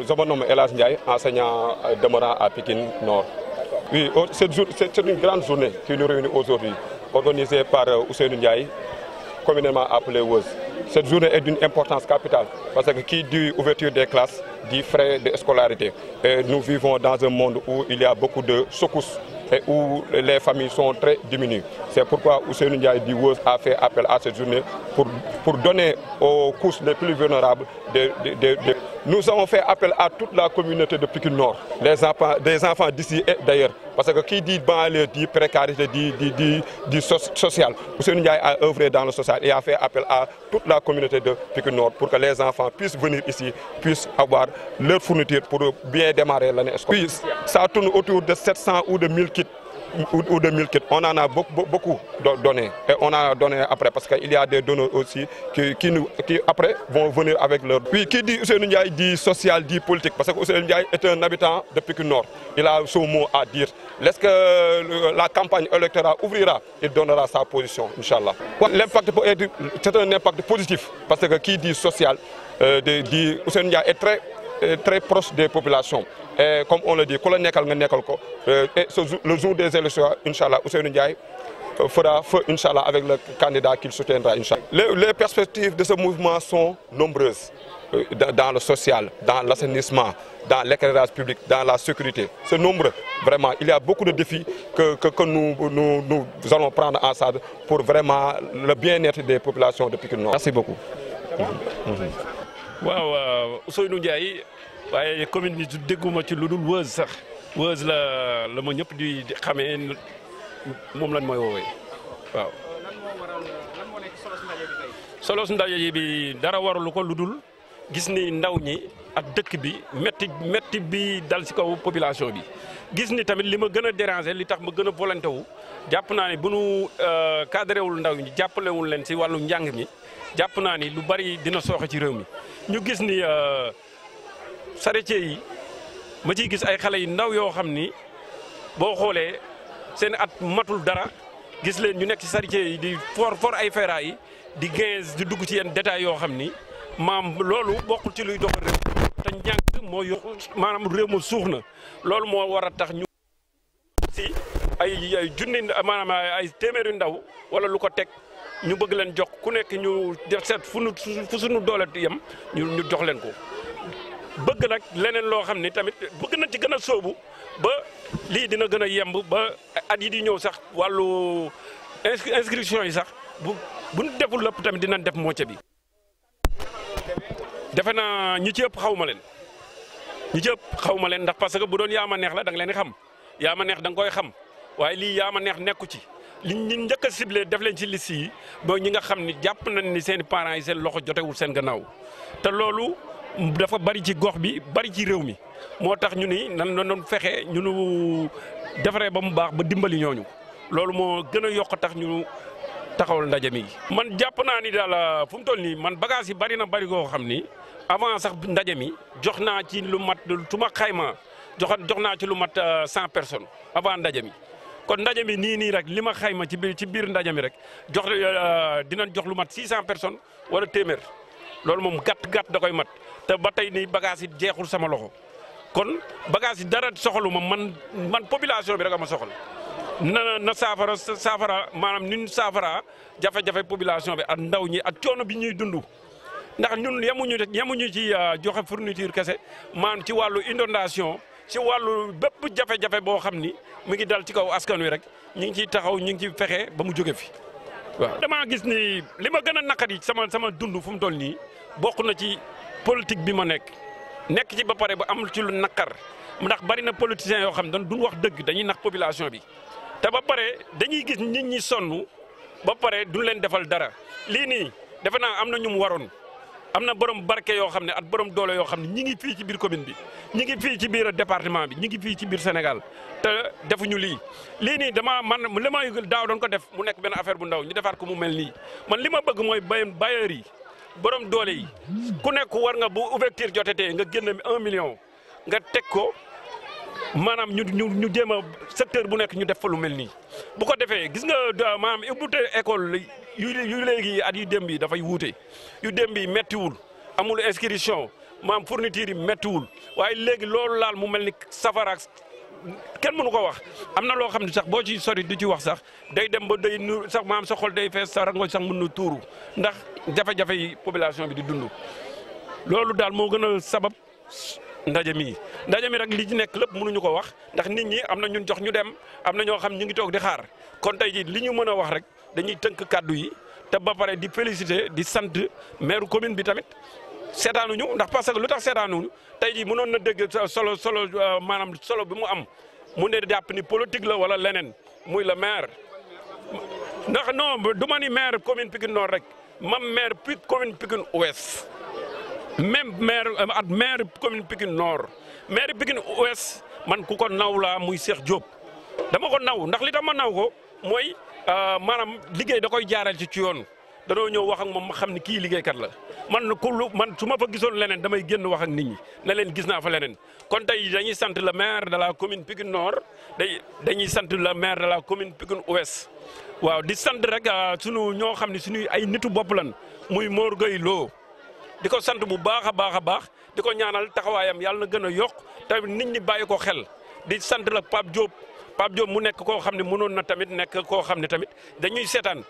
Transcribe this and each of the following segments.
Je m'appelle Elas Ndiaye, enseignant euh, demeurant à Pékin Nord. Oui, c'est une grande journée qui nous réunit aujourd'hui, organisée par euh, Ousseinou Ndiaye, communément appelé WOZ. Cette journée est d'une importance capitale parce que qui dit ouverture des classes dit frais de scolarité. nous vivons dans un monde où il y a beaucoup de secousses et où les familles sont très diminuées. C'est pourquoi Ousseinou Ndiaye a fait appel à cette journée pour, donner aux couches les plus vulnérables nous avons fait appel à toute la communauté de Pékin Nord, les des enfants d'ici et d'ailleurs, parce que qui dit banlieue dit précarité, dit, dit, social. Nous Ndiaye a œuvré dans le social et a fait appel à toute la communauté de Pique Nord pour que les enfants puissent venir ici, puissent avoir leur fourniture pour bien démarrer l'année scolaire. ça tourne autour de 700 ou de 1000 kits ou, 2004 On en a beaucoup, donné. Et on a donné après parce qu'il y a des donneurs aussi qui, nous, après vont venir avec leur... Oui, qui dit Ndiaye dit social, dit politique. Parce que Ndiaye est un habitant de le Nord. Il a son mot à dire. Lorsque la campagne électorale ouvrira, il donnera sa position, Inch'Allah. L'impact c'est un impact positif. Parce que qui dit social, euh, dit Ndiaye est très, très proche des populations. Et eh, comme on le dit, eh, eh, le jour des élections, Inch'Allah, Ousseinou Ndiaye euh, fera feu, Inch'Allah, avec le candidat qu'il soutiendra, Inch'Allah. Les, perspectives de ce mouvement sont nombreuses, euh, dans le social, dans l'assainissement, dans l'éclairage public, dans la sécurité. C'est nombreux, vraiment. Il y a beaucoup de défis que, nous, allons prendre en sade pour vraiment le bien-être des populations de que nous. Merci beaucoup. waaye commune bi dégguma ci lu dul Weuz sax Weuz la la ma ñëpp di xamee moom lañ mooy woowee waaw. solos ndaje bi dara warulu ko lu dul gis ni ndaw ñi ak dëkk bi metti métti bi dal si kaw population bi gis ni tamit li ma gën a déranger li tax ma gën a volonté wu jàpp naa ni bu nu euh, cadré wul ndaw ñi jàppalewul leen ci wàllu njàng mi jàpp naa ni lu bari dina sooxe ci réew mi ñu gis ni. Euh, charretier yi ma ciy gis ay xale yu ndaw yoo xam ni boo xoolee seen at matul dara gis leen ñu nekk ci charretier yi di foor for ay ferraille yi di gaz di dugg ci yenn détails yoo xam ni maam loolu bokkul ci luy doxal réew te njàng moo yokku maanaam réew suux na loolu moo war a tax ñu si ay ay junni maanaam ay téeméeri ndaw wala lu ko teg ñu bëgg leen jox ku nekk ñu def seet fu nu ñu suñu doole yem ñu ñu jox leen ko bëgg nag leneen loo xam ni tamit bëgg na ci gën a sóobu ba lii dina gën a yemb ba at yi di ñëw sax wàllu inscription yi sax bu bu ñu deful lépp tamit dinañ def moitié bi. defe naa ñi ci ëpp xaw ma leen ñi ci ëpp xaw ma leen ndax parce que bu doon yaama neex la da nga leen di xam yaama neex da nga koy xam waaye lii yaama neex nekku ci. li ñu njëkk a ciblé def leen ci liste yi mooy ñi nga xam ni jàpp nañ ni seen i parents yi seen loxo jotewul seen gannaaw te loolu. dafa bari ci gox bi bari ci rew mi motax ñu ni nan non nyunu. fexe ñu nu defaree ba mu baax ba dimbali ñooñu loolu mo gëna yok tax ñu taxawal ndaje man japp na ni dal euh, fu mu tolni man bagage yi bari na bari go xamni avant sax ndaje mi ci lu mat tuma ma xayma Jokna joxna ci lu mat 100 euh, personnes avant ndaje mi. kon ndaje mi ni rek lima ma xayma ci ci jok ndaje mi rek jox euh, dinañ jox lu mat 600 personnes wala téeméer loolu mom gat gàtt da koy mat. te ba tey nii bagage yi jeexul sama loxo kon bagage yi dara soxalu ma man man population bi rek ma soxla na na saafara saafara maanaam ni ñu saafara jafe-jafe population bi ak ndaw ñi ak coono bi ñuy dund ndax ñun yemuñu yemuñu ci euh, joxe fourniture kese maan ci wàllu inondation ci wàllu bépp jafe-jafe boo xam ni mu ngi dal ci kaw askan wi rek ñu ngi ciy taxaw ñu ngi ciy fexe ba mu jóge fi waaw. li ma gën a naqari sama sama dund fu mu toll nii bokk na ci politique bi ma nekk nekk ci ba pare ba am ci lu naqar ndax bari na politiciens yoo xam ne duñ wax dëgg dañuy nax population bi te ba pare dañuy gis nit ñi sonn ba pare duñ leen defal dara lii nii defe naa am na ñu mu waroon am na borom barke yoo xam ne at borom doole yoo xam ne ñi ngi fii ci biir commune bi ñi ngi fii ci biir département bi ñi ngi fii ci biir Sénégal te defuñu lii lii nii dama man li may daaw doon ko def mu nekk benn affaire bu ndaw ñu defaat ko mu mel nii man li ma bëgg mooy bay bailleurs yi borom doole yi ku nekk war nga bu ouverture jotetee nga génn un million nga teg ko maanaam ñu ñu ñu jéem a secteur bu nekk ñu def fa lu mel nii. bu ko defee gis nga maanaam ubbite école yu yu léegi at yu démb yi dafay wuute yu démb yi méttiwul amul inscription maam fourniture yi méttiwul waaye léegi loolu laal mu mel ni safara kenn mënu ko wax am na loo xam ne sax boo ci sori du ci wax sax day dem ba day nu sax maam sa xol day fees sa rangoñ sax mën nu tuuru ndax jafe-jafe yi population bi di dund loolu daal moo gën a sabab ndaje mi ndaje mi rek li ci nekk lépp mënuñu ko wax ndax nit ñi am na ñun jox ñu dem am na ñoo xam ñu ngi toog di xaar kon tey jii li ñu mën a wax rek dañuy tënk kàddu yi te ba pare di féliciter di sant maire commune bi tamit ñu ndax parce que lu tax seetaanuñu tey jii mënoon na dégg solo solo euh, maanaam solo bi mu am mu ne jàpp ni politique la wala leneen muy la maire ndax non du ma ni maire commune Pikine Nord rek mam maire pi commune Pikine Ouest même maire euh, at maire commune Pikine noor maire Pikine Ouest man ku ko naw laa muy Cheikh Diop dama ko naw ndax li tax ma naw ko mooy euh, maanaam liggéey da koy jaaral ci ci yoon danoo ñëw wax ak moom ma xam ne kii liggéeykat la man ku man su ma fa gisoon leneen damay génn wax ak nit ñi ne leen gis naa fa leneen kon tey dañuy sant la maire de la commune Pikine Nord day dañuy sant la maire de la commune Pikine Ouest waaw di sant rek ah, sunu ñoo xam ne suñuy ay nitu bopp lan muy Mor Gueye Lo di ko sant bu baax a baax a baax di ko ñaanal taxawaayam yàlla na gën a yokk tamit nit ñi bàyyi ko xel di sant la Pape Diop Pape Diop mu nekk koo xam ne mënoon na tamit nekk koo xam ne tamit dañuy seetaan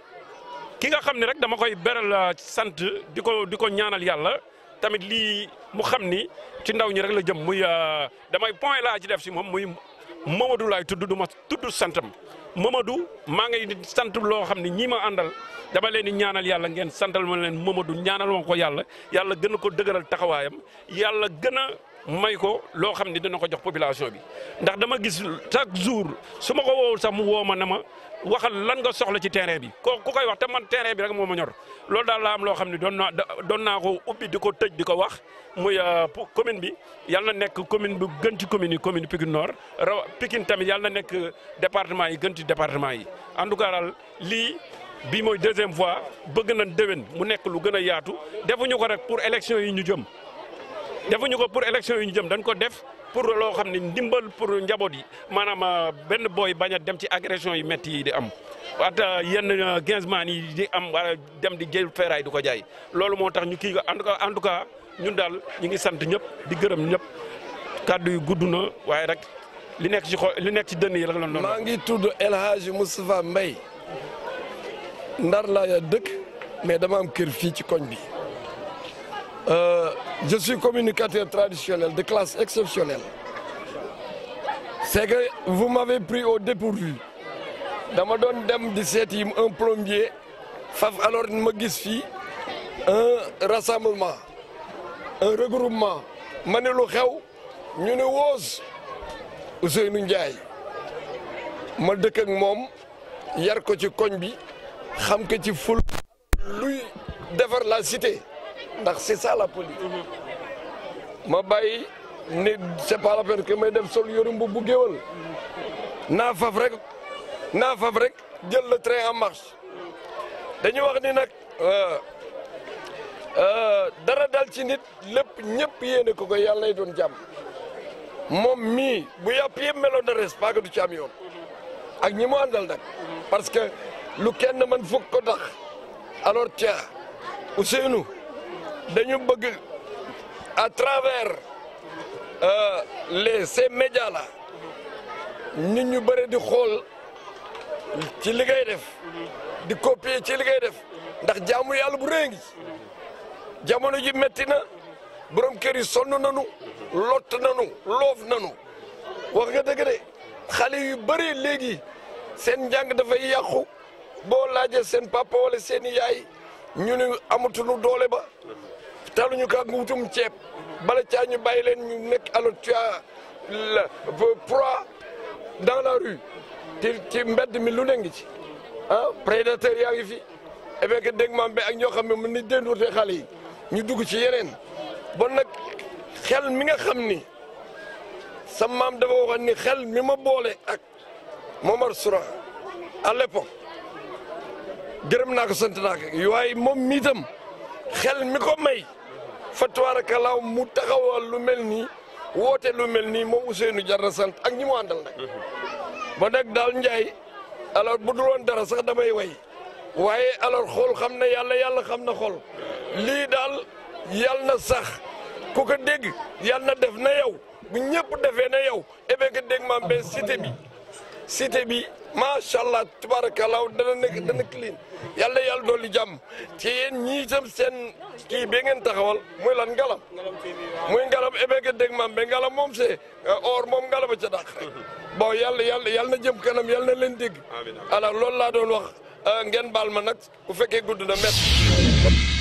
ki nga xam ne rek dama koy beral euh, sant di ko di ko ñaanal yàlla tamit lii mu xam ni ci ndaw ñi rek la jëm muy euh, damay point laa ci def si moom muy Mamadou laay tudd duma ma tudd santam Mamadou maa ngi sant loo xam ne ñii ma àndal dama leen di ñaanal yàlla ngeen santal ma leen Mamadou ñaanal ma ko yàlla yàlla gën a ko dëgëral taxawaayam yàlla gën may ko loo xam ne dana ko jox population bi ndax dama gis chaque jour su ma ko woowul sax mu woo ma na ma waxal lan nga soxla ci terrain bi ko ku koy wax te man terrain bi rek moo ma ñor loolu daal laa am loo xam ne doon naa doon naa ko ubbi di ko tëj di ko wax muy euh, commune bi yàlla na nekk commune bu gën ci commune yi commune Pikine Nord raw Pikine tamit yàlla na nekk département yi gën ti département yi en tout cas daal lii bii mooy deuxième fois bëgg na déwén mu nekk lu gën a yaatu defuñu ko rek pour élection yi ñu jëm defuñu ko pour élection yu ñu jëm dañ ko def pour loo xam ne ndimbal pour njaboot yi maanaam euh, benn booy bañ a dem ci agression yi métti yi di am at euh, yenn euh, quinze man yi di am wala dem di jël feeraay di ko jaay loolu moo tax ñu kii en tout cas en tout cas ñun daal ñu ngi sant ñëpp di gërëm ñëpp kàddu yu gudd na waaye rek li nekk ci xol li nekk ci dënn yi rek la doon maa ngi tudd El Hadj Moustapha Mbaye ndar laa ya dëkk mais dama am kër fii ci koñ bi Euh, je suis communicateur traditionnel de classe exceptionnelle. C'est que vous m'avez pris au dépourvu. dama donne dem di un plombier alors je me dis un rassemblement un regroupement ma ne lu ne ma la cité ndax c'est ça la politique ma bàyyi ni c'est pas may def sol yorum bu bu géwal naa faf rek naa faf rek jël le train en marche dañu wax ni nag euh, euh, dara dal ci nit lépp ñëpp yéene ko ko yàlla lay doon jàmm moom mi bu yàpp yëpp meloon na res du ci am yoon ak ñi mu àndal nag parce que lu kenn mën fukk ko tax alors tiens Ousseynou dañu bëgg à travers euh, le seen médias là nit ñu bëri di xool ci li ngay def di copier ci li ngay def ndax jaamu yàlla bu rëy ngi jamono ji metti na borom kër yi sonn nanu lott nanu loof nanu wax nga dëgg de xale yu bëri léegi seen njàng dafay yàqu boo laajee seen papa wala seen yaay ñu ne amatuñu doole ba taluñu ka wutum ceeb bala caa ñu bàyyi leen ñu nekk alors tu as la proie dans la rue ci mbedd mi lu ne ngi ci a ah, prédateur yaa ngi fi évêque eh dégg maam bi ak ñoo xam ne mën nañ déndoorte xale yi ñu dugg ci yeneen bon nag xel mi nga xam ni sa maam dafa waxoon ni xel mi ma boole ak Momar Soura à l'époque gërëm naa ko sant naa ko waaye moom mii itam xel mi ko may fa tabaarakallaa mu taxawal lu mel nii woote lu mel nii moom Ousseynou Diarra sant ak ñi mu àndal nag ba nag daal Ndiaye alors bu dul woon dara sax damay way waaye alors xool xam na yàlla yàlla xam na xool lii daal yàlla na sax ku ko dégg yàlla na def na yow bu ñëpp defee na yow ébéka eh dégg maam benn cité bi cité bi macha allah tubaarakallaah dana nekk dana clean yàlla yàlla dolli jàmm ci yéen ñii itam seen kii bi ngeen taxawal muy lan ngalam muy ngalam ebeke dégg maam be ngalam moom see euh, or moom ngalama ca dàq boo bon yàlla yàlla yàlla na jëm kanam yàlla na leen dégg alors loolu laa doon wax euh, ngeen baal ma nag bu fekkee gudd met